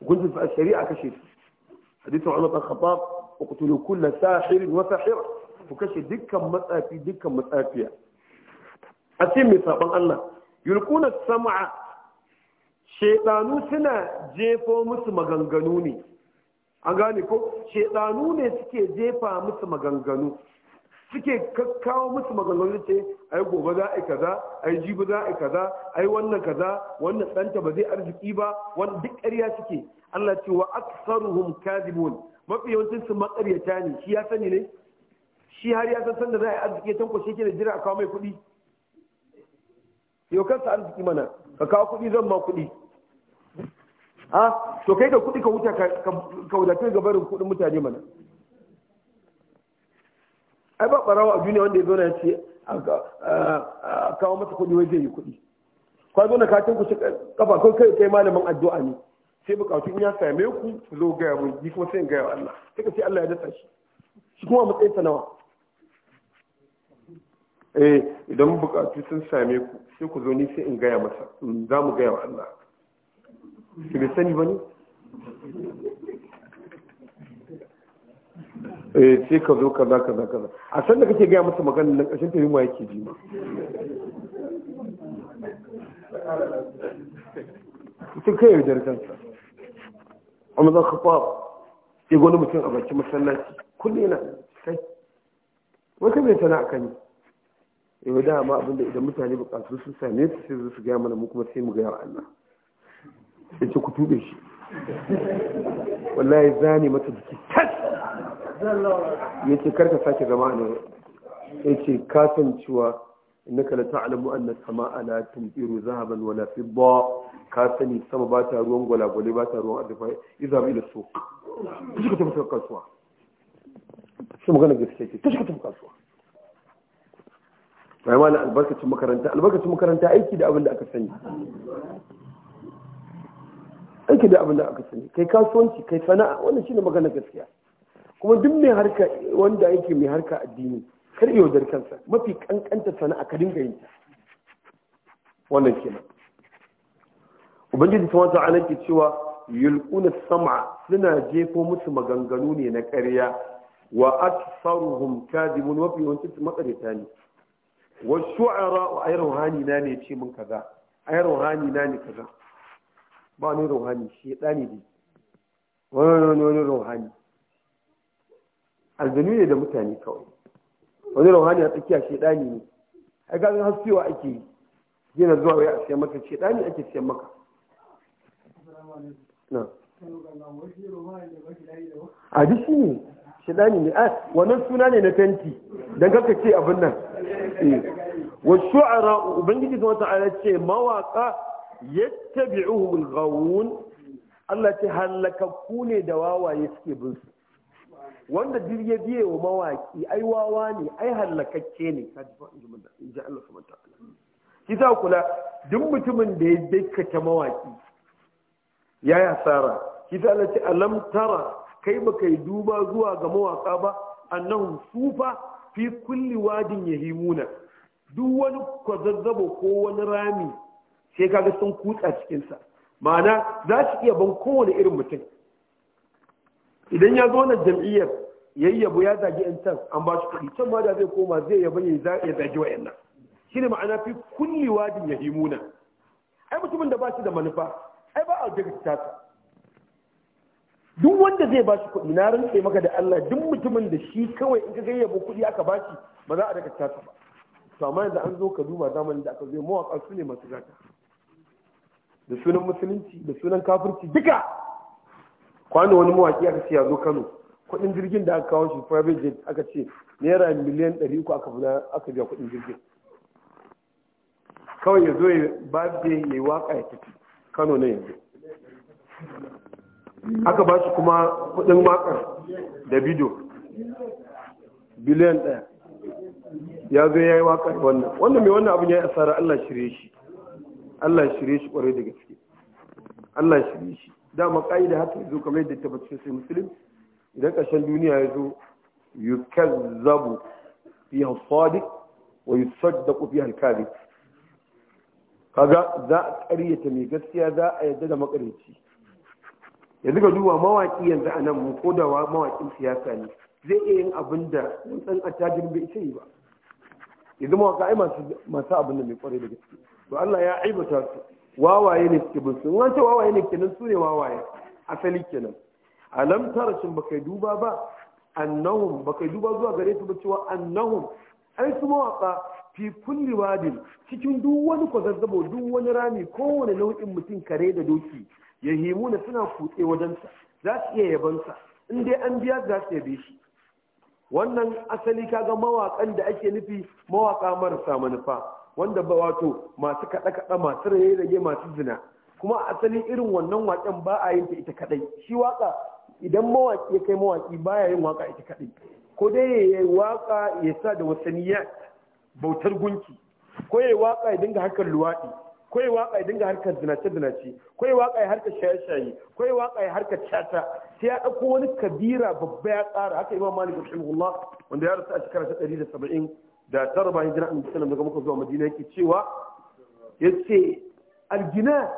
hukuncin fa shari'a kashe su hadisin Umar bin Khattab uqtulu kull sahir wa sahira ku kashe dukkan matsafi dukkan matsafiya a ce mai saban Allah yulkuna sam'a shedanu suna jefo musu maganganu ne an gane ko shedanu ne suke jefa musu maganganu suke kawo musu maganganu ce ai gobe za a yi kaza ai jibi za a yi kaza ai wannan kaza wannan tsanta ba zai arziki ba wannan duk ƙarya suke Allah ce wa aksaruhum kadibun mafi yawancin su makaryata ne shi ya sani ne shi har ya san sanda za a yi arziki ya tankwashe ke da jira a kawo mai kuɗi yau kansa arziki mana ka kawo kudi zan ma kudi ha to kai ka kudi ka wuta ka wadatar ga barin kudin mutane mana ai ba barawa a duniya wanda ya zo na ce a kawo masa kudi wai zai yi kudi kwa zo na katin ku kafa ko kai kai malamin addu'a ne sai bukatu in ya same ku ku zo gaya mun ni kuma sai in gaya Allah sai ka sai Allah ya dasa shi shi kuma matsayin sana'wa. eh idan bukatu sun same ku sai ku zo ni sai in gaya masa mm, za mu gaya wa Allah ki bai sani ba ne eh sai ka zo kaza kaza kaza a san da kake gaya masa magana nan kashin ta yunwa yake ji ma mutum kai da kansa amma za ka fa sai gwani mutum a bakin masallaci kullum yana kai wata mai bai sana'a kan yi yau dama abinda idan mutane bukatu sun same su sai su gaya mana mu kuma sai mu gaya wa Allah sai ce ku tube shi wallahi zane mata jiki tas ya ce karka sake zama ne ya ce kasancewa innaka la ta'lamu anna sama'a la tumtiru zahaban wala fidda ka sani sama ba ta ruwan gwalagwale ba ta ruwan azufa izab ila suq kashi ka tafi kasuwa shi magana gaskiya ce kashi ka tafi kasuwa mai albarkacin makaranta albarkacin makaranta aiki da abin da aka sani aiki da abin da aka sani kai kasuwanci kai sana'a wannan shi ne magana gaskiya kuma duk mai harka wanda yake mai harka addini kar iya wajar kansa mafi kankanta sana'a ka dinga yin ta wannan ne. ubangiji subhanahu ta'ala ke cewa yulquna sam'a suna jefo musu maganganu ne na ƙarya wa aktsaruhum kadhibun wa fi wanti matsarita ne wasu a yi ruhani na ne ce mun kaza yi ruhani na ne kaza ba ni ruhani shi ɗani ne wani wani wani ruhani aljanu ne da mutane kawai wani ruhani a tsakiya shi ɗani ne ai ga haskewa ake yi yana zuwa wai a siyan maka ce ɗani ake siyan maka a duk shi ne shidani ne ah wannan suna ne na fenti dan kaka ce abin nan eh. wa shu'ara ubangiji kuma ala ce mawaka yattabi'uhu al-ghawun Allah ce halakakku ne da wawaye suke bin su wanda duk ya biye wa mawaki ai wawa ne ai halakakke ne ka Allah subhanahu wa ta'ala shi ta kula duk mutumin da ya dakkata mawaki Yaya sara. shi ta Allah ce alam tara kai ba yi duba zuwa ga mawaka ba annahum sufa fi kulli wadin yahimuna duk wani kwazazzabo ko wani rami sai kaga sun kutsa cikinsa ma'ana za su iya ban kowane irin mutum idan ya zo na jam'iyyar yayyabo ya zagi yan can an ba shi kuɗi can ma da zai koma zai yaba ya zagi wa yannan shine ma'ana fi kulli wadin yahimuna ai mutumin da ba shi da manufa ai ba a jirgin tasa duk wanda zai ba shi kuɗi na rantse maka da Allah duk mutumin da shi kawai in ka ga yabo kuɗi aka ba shi ba za a daga tasa ba to amma yanzu an zo ka duba zamanin da aka zo mawaƙa su ne masu gata da sunan musulunci da sunan kafirci duka kwano wani mawaƙi aka ce ya zo Kano kuɗin jirgin da aka kawo shi private jet aka ce naira miliyan ɗari uku aka aka biya kuɗin jirgin kawai ya zo ya ba ya yi waƙa ya tafi Kano ne yanzu aka ba shi kuma kudin makar da bidiyo biliyan ɗaya ya zo ya yi wakar wannan wannan mai wannan abin ya yi asara Allah shirye shi Allah shirye shi kwarai da gaske Allah shirye shi dama ka'ida haka zo kamar yadda ta sai musulun idan ƙarshen duniya ya zo yukazzabu fi sadiq wa yusaddaqu fi kufi kadhib kaga za a ƙaryata mai gaskiya za a yadda da makarici yanzu ga duba mawaki yanzu a nan ko da mawakin siyasa ne zai iya yin abin da a cajin bai ce ba yanzu mawaka ai masu abin da mai kwarai da gaske to Allah ya aibata su wawaye ne suke bin su in ce wawaye ne kenan su ne wawaye asali kenan alam tara shin baka duba ba annahum baka duba zuwa gare su ba cewa annahum ai su mawaka fi kulli wadin cikin duk wani kwazazzabo duk wani rami kowane nau'in mutum kare da doki yahimuna suna kutse wajensa za su iya yabansa in dai an biya za su yabe shi wannan asali kaga mawakan da ake nufi mawaka marasa manufa wanda ba wato masu kaɗa kaɗa masu raye rage masu zina kuma asali irin wannan waƙen ba a yin ta ita kaɗai shi waƙa. idan mawaki ya kai mawaki ya yin waƙa ita kaɗai ko dai ya yi waƙa ya sa da wasaniyat bautar gunki ko ya yi waƙa ya dinga hakan luwaɗi kawai waka ya dinga harkar zinace zinace kawai waka ya harkar shaye shaye kawai waka ya harkar cata sai ya dauko wani kabira babba ya tsara haka imam malik rahimahullah wanda ya rasu a shekara ta ɗari da tara bayan hijira annabi sallallahu alaihi wasallam zuwa madina yake cewa yace algina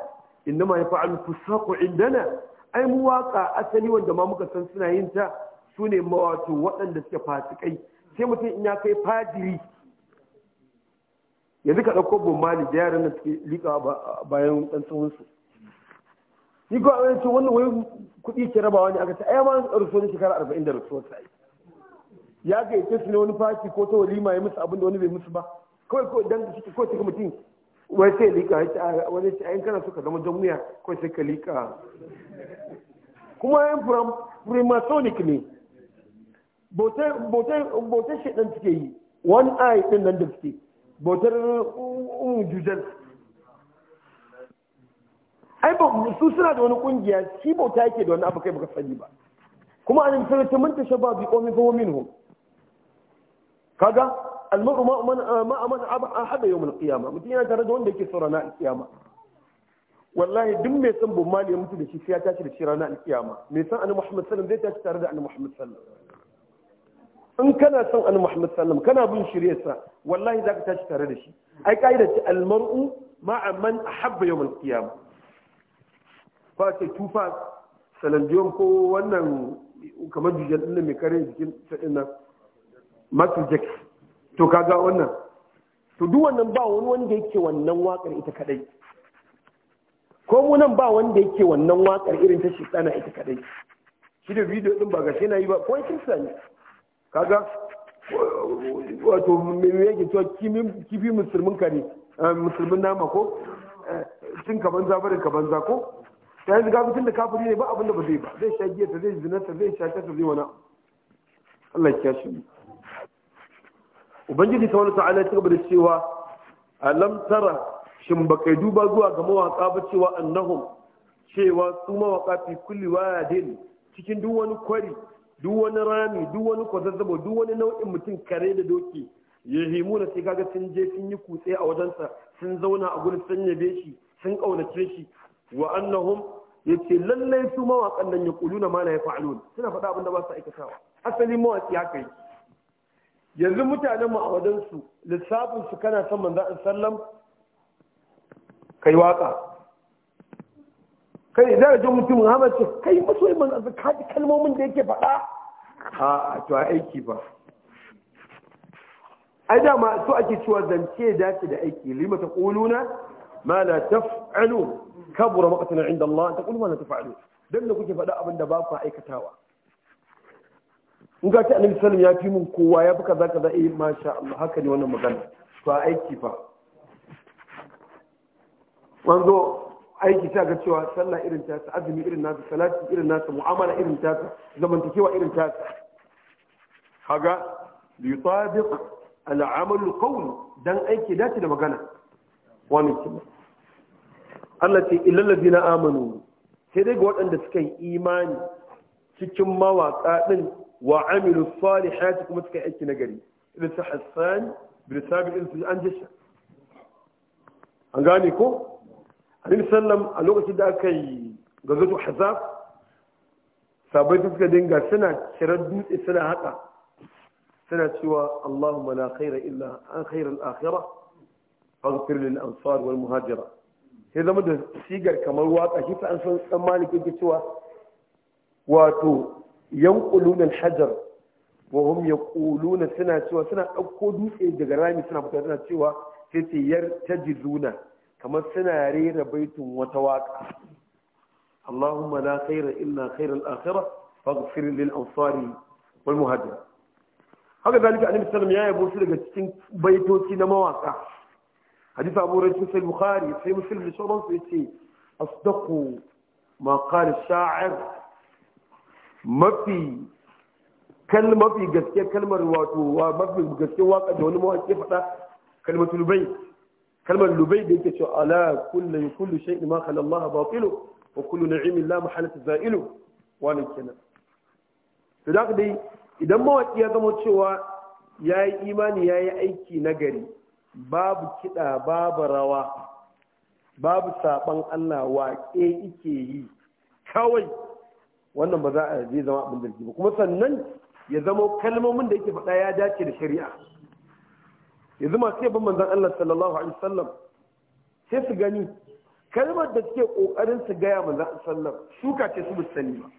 innama yafa'alu fusaqu indana ai mu waka asali wanda ma muka san suna yin ta sune mawato waɗanda suke fasikai sai mutum in ya kai fajiri yanzu ka ɗauko bomali da yaran da suke liƙa bayan ɗan tsohonsu ni ko a ce wannan wani kuɗi ke rabawa ne aka ce ai ma rasuwa ne shekara arba'in da rasuwa ta yi ya ga ita su ne wani fashi ko ta walima ya musu abin da wani bai musu ba kawai ko dan shi ko take mutum wai sai liƙa ya ce wani ce ayin kana so ka zama don ko sai ka liƙa kuma yan primasonic ne bautai shaidan suke yi wani eye ɗin nan da suke bautar umu uh, uh, jujal ai ba su suna da wani kungiya shi bauta yake da wani abu kai baka sani ba kuma an misali ta manta shaba bi qawmin fa minhum kaga almaru ma man uh, ma man ahada yawm alqiyama mutum yana tare da wanda yake so na alqiyama wallahi duk mai san bomali ya mutu da shi sai ya tashi da shi ranar alqiyama mai san annabi Muhammad sallallahu alaihi wasallam zai tashi tare da annabi Muhammad sallallahu alaihi wasallam in kana son annabi Muhammad sallallahu kana bin shiryarsa wallahi zaka tashi tare da shi ai kaida ce almar'u ma'a man ahabba yawm al-qiyam fa ce tufa salandiyon ko wannan kamar jujjan din mai kare jikin sadin nan matu jek to kaga wannan to duk wannan ba wani wanda yake wannan wakar ita kadai ko mu nan ba wanda yake wannan wakar irin ta shi ita kadai shi da bidiyo din ba gashi na yi ba ko kin sani kaga wato me yake to kifi musulmin ka ne eh, musulmin nama ko eh, cin ka banza barin ka banza ko ta yanzu ga mutum da kafiri ne ba abinda da ba zai ba zai sha giya ta zai zina ta zai sha ta zai wani Allah ya shi ubangiji ta wani ta'ala ta gaba da cewa alam tara shin ba kai duba zuwa ga mawaka ba cewa annahum cewa su mawaka fi kulli wayadin cikin duk wani kwari duk wani rami duk wani kwazazzabo duk wani nau'in mutum kare da doki ya himu na sai kaga sun je sun yi kutse a wajensa sun zauna a gurin sun yabe shi sun kaunace shi wa annahum yace lallai su mawaƙan nan ya na ma la yafa'alun suna faɗa abin da ba su aikatawa asalin mawaƙi haka yi yanzu mutanen mu a wajensu lissafin su kana son manzo sallam kai waka kai da ga mutum Muhammad ce kai yi man azza ka kalmomin da yake faɗa ha to a aiki ba ai da ma to ake cewa zance dace da aiki lima taquluna ma la taf'alun kabura maqtan 'inda Allah taqulu ma la taf'alun dan da kuke faɗa abin da ba ku aikatawa in ga ta annabi sallam ya fi mun kowa ya fi kaza kaza eh masha Allah haka ne wannan magana to a aiki fa wanzo aiki ta ga cewa sallah irin ta ta azumi irin nasu salati irin nasu mu'amala irin ta ta zamantakewa irin ta ta haga li tabiq al-amal qawl dan aiki dace da magana wani kuma Allah ce illal ladina amanu sai dai ga waɗanda suka yi imani cikin mawaƙa din wa amilu salihati kuma suka yi aiki nagari irin su Hassan bin Sabit irin su an jisha an gane ko annabi sallam a lokacin da aka yi gazatu hazab sabai suka dinga suna kiran dutse suna haka suna cewa Allahumma la khaira illa an khaira al-akhirah faghfir lil ansar wal muhajira sai zama da sigar kamar waka shi an san dan maliki ke cewa wato yanquluna al-hajar wa hum yaquluna suna cewa suna dauko dutse daga rami suna fita suna cewa sai ce tajizuna kamar suna rera baitun wata waka Allahumma la khaira illa khairal akhirah faghfir lil ansari wal muhajir haka dalika annabi sallallahu alaihi wasallam ya yabo su daga cikin baitoci na mawaka hadith Abu Hurairah sai Bukhari sai Muslim da sauran su yace asdaqu ma qala sha'ir mafi kalmafi gaske kalmar wato mafi gaske waka da wani mawaki faɗa kalmatul bayt kalmar lubai da yake cewa ala kullu kullu shay'in ma khala Allah batilu wa kullu ni'min la mahalata za'ilu wani kenan to da dai idan mawaki ya zama cewa yayi imani yayi aiki nagari babu kida babu rawa babu saban Allah waƙe yake yi kawai wannan ba za a zama abin zargi ba kuma sannan ya zama kalmomin da yake faɗa ya dace da shari'a yanzu masu yabon manzan Allah sallallahu alaihi wasallam sai su gani kalmar da suke kokarin su gaya manzan sallam shuka ce su musali ba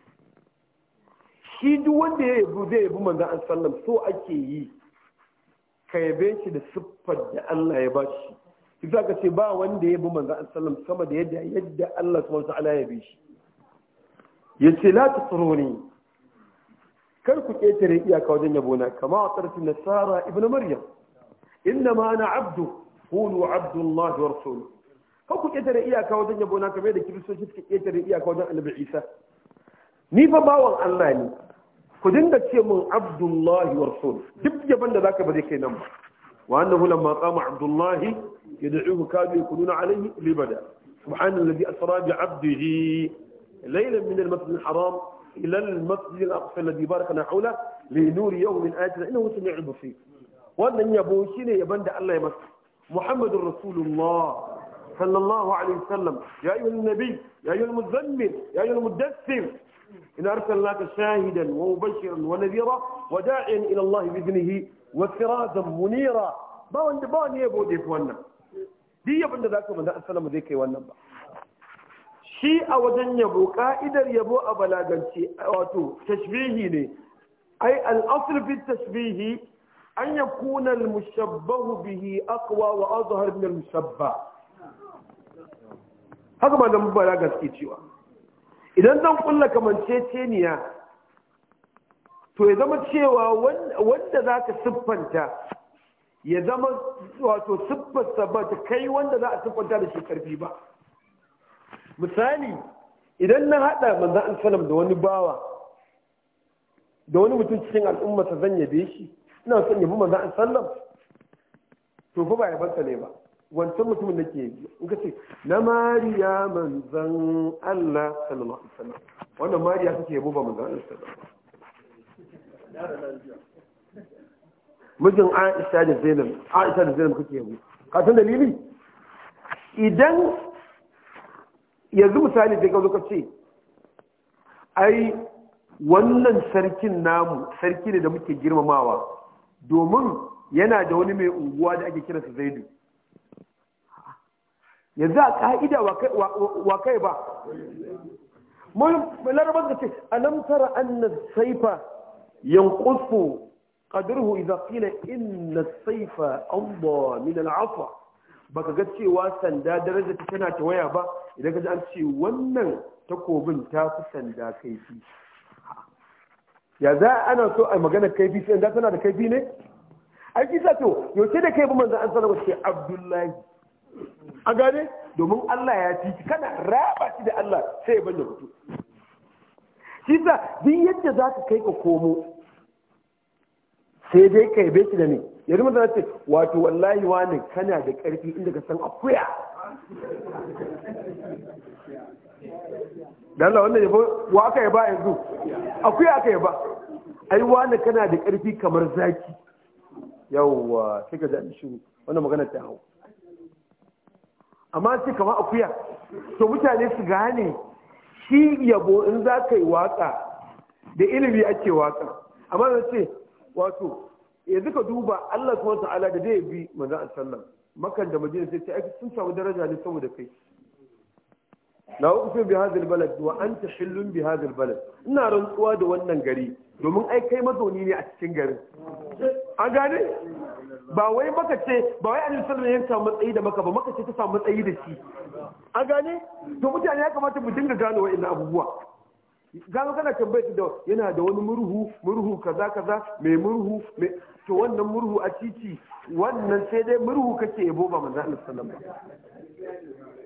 shi duk wanda ya yabu zai yabu manzan sallam so ake yi ka yabe shi da siffar da Allah ya bashi shi za ka ce ba wanda ya yabu manzan sallam sama da yadda yadda Allah subhanahu ta'ala ya bi shi yace la tasruni kar ku ketare iyaka wajen yabona kama a tsarfin nasara ibnu maryam إنما أنا عبد قولوا عبد الله ورسوله هو كنت يترى إياه كوزن يبونا كمية كريسو جيت كنت يترى إياه كوزن أنا بعيسى نيفا باوان ألاني كدين دا من عبد الله ورسوله جب جبان ذاك بذيك نم وأنه لما قام عبد الله يدعوه كادوا يقولون عليه لبدا سبحان الذي أسرى بعبده ليلا من المسجد الحرام إلى المسجد الأقصى الذي باركنا حوله لنور يوم آجل إنه سميع البصير wannan yabo shine yaban da Allah ya masa muhammadur rasulullah sallallahu alaihi wasallam ya ayyuhan nabi ya ayyuhal muzammil ya ayyuhal mudaththir إن أرسلناك شاهدا ومبشرا ونذيرا وداعيا إلى الله بإذنه وسراجا منيرا ما وند با ne yabo da yafi wannan duk yabon da zaka manzo sallama zai kai wannan ba shi a wajen yabo ka'idar yabo a balagance wato tashbihi ne ai al-asl fi tashbihi an ya kuna mushabbahu bihi akwa wa azhar min mushabba haka ba da mubara gaske cewa idan zan kulla kamanceceniya to ya zama cewa wanda za ka siffanta ya zama wato siffarsa ba ta kai wanda za a siffanta da shi karfi ba misali idan na haɗa manzan an salam da wani bawa da wani mutum cikin al'ummarsa zan yabe shi ina son yabi a sallam to fa ba ya barka ne ba wancan mutumin da ke in kace ce na mariya manzan Allah sallallahu alaihi wasallam wannan mariya kake yabo ba manzan Allah sallallahu alaihi mijin Aisha da Zainab Aisha da Zainab kake yabo ka san dalili idan yanzu misali da ka zo ka ce ai wannan sarkin namu sarki ne da muke girmamawa domin yana da wani mai unguwa da ake kira kiransa zaidu yanzu a ka'ida wa kai ba larabar da ce alamtara na saifa yankusu qadirhu idza in na saifa ba min al'afa baka ga cewa sanda daraja ta tana ta waya ba idan ka ji an ce wannan takobin ta fi sanda kaifi ya za ana so a magana kaifi sai da tana da kaifi ne a kisa to yaushe da kaifi manzan an sanarwa ce abdullahi a gane domin allah ya ci kana raba shi da allah sai ya mutu. Shi kisa din yadda za ka kai ka komo sai dai ka yabe shi da ne yanzu mazana ce wato wallahi wani kana da karfi inda ka san akuya da Allah wannan yabo wa aka yaba yanzu akuya aka yaba ai wani kana da ƙarfi kamar zaki yawwa sai ka ji shiru wannan magana ta hau amma sai kamar akuya to mutane su gane shi yabo in za ka yi waka da ilimi ake waka amma zan ce wato yanzu ka duba Allah subhanahu wa ta'ala da zai bi manzo sallallahu makan da madina sai ai sun samu daraja ne saboda kai na uqsimu bi hadha balad wa anta hillun bi hadha balad ina rantsuwa da wannan gari domin ai kai mazauni ne a cikin garin an gane ba wai maka ce ba wai annabi sallallahu alaihi wasallam matsayi da maka ba maka ce ta samu matsayi da shi an gane to mutane ya kamata mu dinga gano wa'annan abubuwa gano kana tambayar da yana da wani murhu murhu kaza kaza mai murhu mai to wannan murhu a titi wannan sai dai murhu kake yabo ba manzo Allah sallallahu alaihi wasallam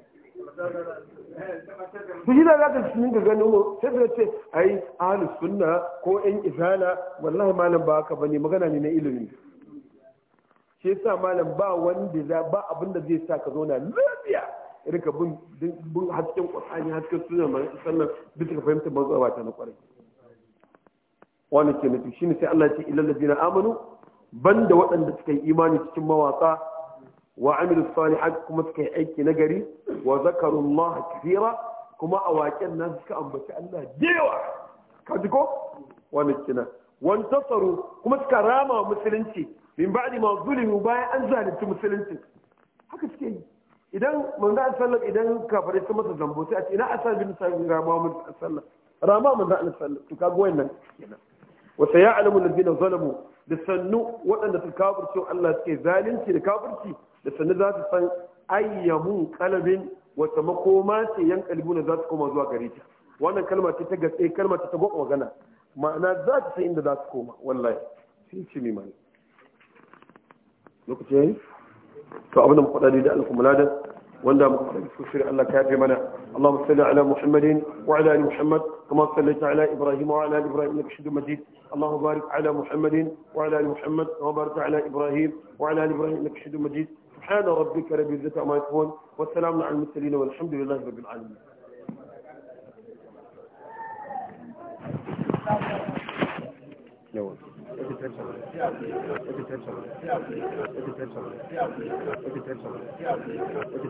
su shi da za ka cikin ga ganin sai ce ai sunna ko yan izala wallahi malam ba haka bane magana ne na ilimi shi yasa malam ba wanda za ba abinda zai sa ka zauna lafiya rika bin bin hasken qur'ani hasken sunna ma sannan bisa ka fahimta mazawa ta na kwarai wannan ke nufi ne sai Allah ce ilal ladina amanu banda waɗanda suka yi imani cikin mawaka wa amilu salihat kuma suka yi aiki na gari wa zakarullah kathira kuma a awaken nan suka ambaci Allah dewa ka ji ko wannan kina wan tasaru kuma suka rama wa musulunci min ba'di ma zulimu bayan an zalunci musulunci haka suke yi idan manzo Allah sallallahu idan kafare sun masa zambo sai a ce ina asabin sabbin rama mun sallallahu rama manzo Allah sallallahu to kaga wannan kenan wa sayalamu alladhina zalamu da sannu waɗanda suka kafirce Allah suke zalunci da kafirci da sannan za su san ayyamun kalabin wata makoma ce yan kalibu na za su koma zuwa gare ta wannan kalma ce ta gatse kalma ce ta gwakwa magana ma'ana za su san inda za su koma wallahi sai ce mai mani lokaci yayi to abin da muka da alkumuladan wanda muka faɗa su shirya Allah ka yafe mana Allahumma salli ala Muhammadin wa ala ali Muhammad كما صليت على إبراهيم وعلى آل إبراهيم إنك حميد مجيد اللهم بارك على محمد وعلى آل محمد وبارك على إبراهيم وعلى آل إبراهيم إنك حميد مجيد سبحان ربك رب العزة عما يصفون والسلام على المرسلين والحمد لله رب العالمين Yeah, No one.